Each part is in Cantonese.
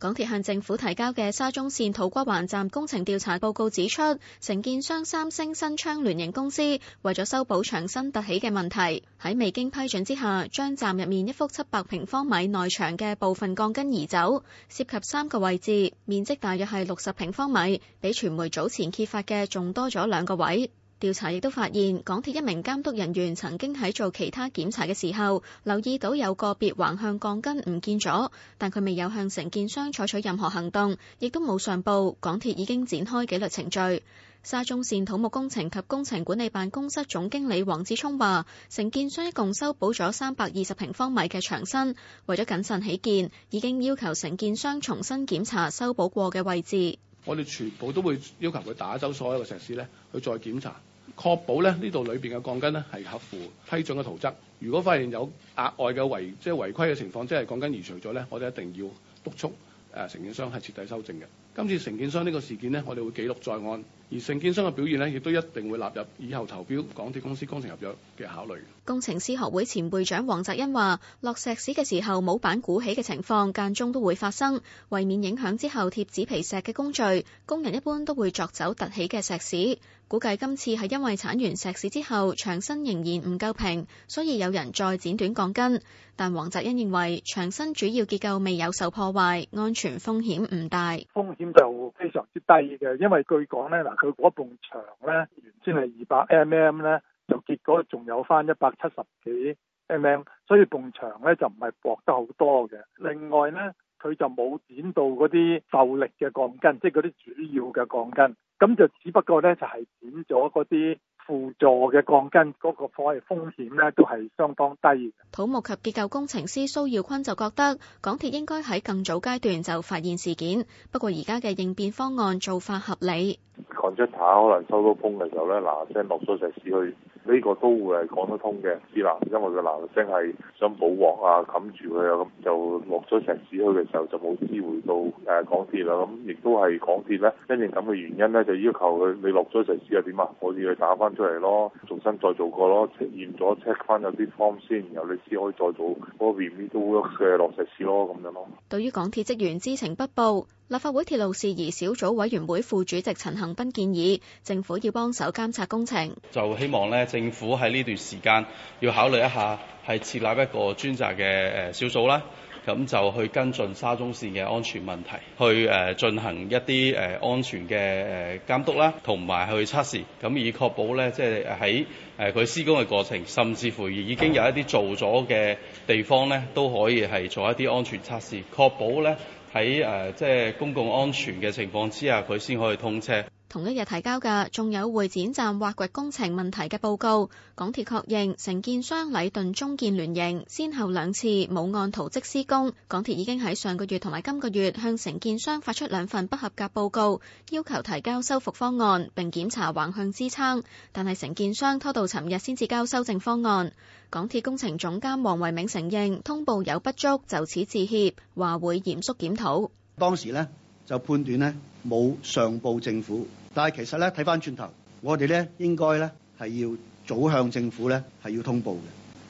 港鐵向政府提交嘅沙中線土瓜灣站工程調查報告指出，承建商三星新昌聯營公司為咗修補牆身突起嘅問題，喺未經批准之下，將站入面一幅七百平方米內牆嘅部分鋼筋移走，涉及三個位置，面積大約係六十平方米，比傳媒早前揭發嘅仲多咗兩個位。調查亦都發現，港鐵一名監督人員曾經喺做其他檢查嘅時候，留意到有個別橫向鋼筋唔見咗，但佢未有向承建商採取任何行動，亦都冇上報。港鐵已經展開紀律程序。沙中綫土木工程及工程管理辦公室總經理黃志聰話：承建商一共修補咗三百二十平方米嘅牆身，為咗謹慎起見，已經要求承建商重新檢查修補過嘅位置。我哋全部都會要求佢打走所有嘅石屎，呢去再檢查。確保咧呢度裏邊嘅鋼筋咧係合符批准嘅圖則。如果發現有額外嘅違，即係違規嘅情況，即係鋼筋移除咗咧，我哋一定要督促誒、呃、承、呃、建商係徹底修正嘅。今次承建商呢個事件咧，我哋會記錄在案。而承建商嘅表現呢，亦都一定會納入以後投標港鐵公司工程合約嘅考慮。工程師學會前會長黃澤恩話：落石屎嘅時候，冇板鼓起嘅情況間中都會發生，為免影響之後貼紙皮石嘅工序，工人一般都會鑿走凸起嘅石屎。估計今次係因為鏟完石屎之後，牆身仍然唔夠平，所以有人再剪短鋼筋。但黃澤恩認為，牆身主要結構未有受破壞，安全風險唔大。風險就非常之低嘅，因為據講呢。佢嗰埲牆咧，原先係二百 mm 咧，就結果仲有翻一百七十幾 mm，所以埲牆咧就唔係薄得好多嘅。另外咧，佢就冇剪到嗰啲受力嘅鋼筋，即係嗰啲主要嘅鋼筋，咁就只不過咧就係、是、剪咗嗰啲。輔助嘅鋼筋嗰個破壞風險咧，都係相當低。土木及結構工程師蘇耀坤就覺得，港鐵應該喺更早階段就發現事件，不過而家嘅應變方案做法合理。Contractor 可能收到風嘅時候咧，嗱聲落咗石屎去。呢個都會係講得通嘅，之男，因為個男星係想保鑊啊，冚住佢啊，咁就落咗石屎去嘅時候就冇機會到誒港鐵啦。咁亦都係港鐵咧，因為咁嘅原因咧，就要求佢你落咗石屎又點啊？我哋要打翻出嚟咯，重新再做過咯，出現咗 check 翻有啲 form 先，然後你先可以再做嗰、那個 remedial work 嘅落石屎咯，咁樣咯。對於港鐵職員知情不報。立法會鐵路事宜小組委員會副主席陳恒鑌建議，政府要幫手監察工程，就希望咧政府喺呢段時間要考慮一下，係設立一個專責嘅誒小組啦，咁就去跟進沙中綫嘅安全問題，去誒進行一啲誒安全嘅誒監督啦，同埋去測試，咁以確保咧即係喺誒佢施工嘅過程，甚至乎已經有一啲做咗嘅地方咧，都可以係做一啲安全測試，確保咧。喺誒即係公共安全嘅情況之下，佢先可以通車。同一日提交嘅仲有會展站挖掘工程問題嘅報告，港鐵確認承建商禮頓中建聯營，先後兩次冇按圖則施工。港鐵已經喺上個月同埋今個月向承建商發出兩份不合格報告，要求提交修復方案並檢查橫向支撐，但係承建商拖到尋日先至交修正方案。港鐵工程總監黃唯銘承認通報有不足，就此致歉，話會嚴肅檢討。當時咧就判斷咧冇上報政府。但係，其實咧睇翻轉頭，我哋咧應該咧係要早向政府咧係要通報嘅。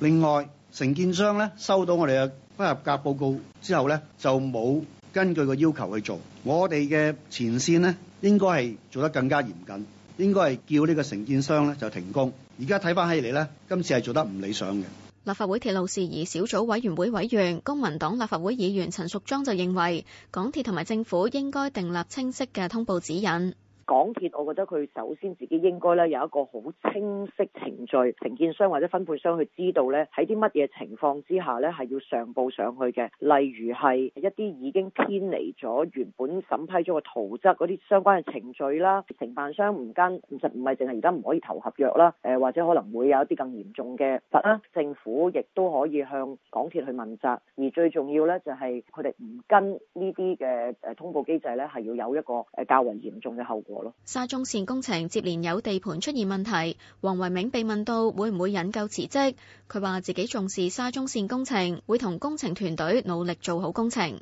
另外，承建商咧收到我哋嘅不合格報告之後咧，就冇根據個要求去做。我哋嘅前線咧應該係做得更加嚴謹，應該係叫呢個承建商咧就停工。而家睇翻起嚟咧，今次係做得唔理想嘅。立法會鐵路事宜小組委員會委員、公民黨立法會議員陳淑莊就認為，港鐵同埋政府應該訂立清晰嘅通報指引。港鐵，我覺得佢首先自己應該咧有一個好清晰程序，承建商或者分配商去知道咧喺啲乜嘢情況之下咧係要上報上去嘅。例如係一啲已經偏離咗原本審批咗個圖則嗰啲相關嘅程序啦，承辦商唔跟，其實唔係淨係而家唔可以投合約啦。誒、呃、或者可能會有一啲更嚴重嘅罰啦。政府亦都可以向港鐵去問責。而最重要咧就係佢哋唔跟呢啲嘅誒通報機制咧，係要有一個誒較為嚴重嘅後果。沙中線工程接連有地盤出現問題，黃維銘被問到會唔會引咎辭職，佢話自己重視沙中線工程，會同工程團隊努力做好工程。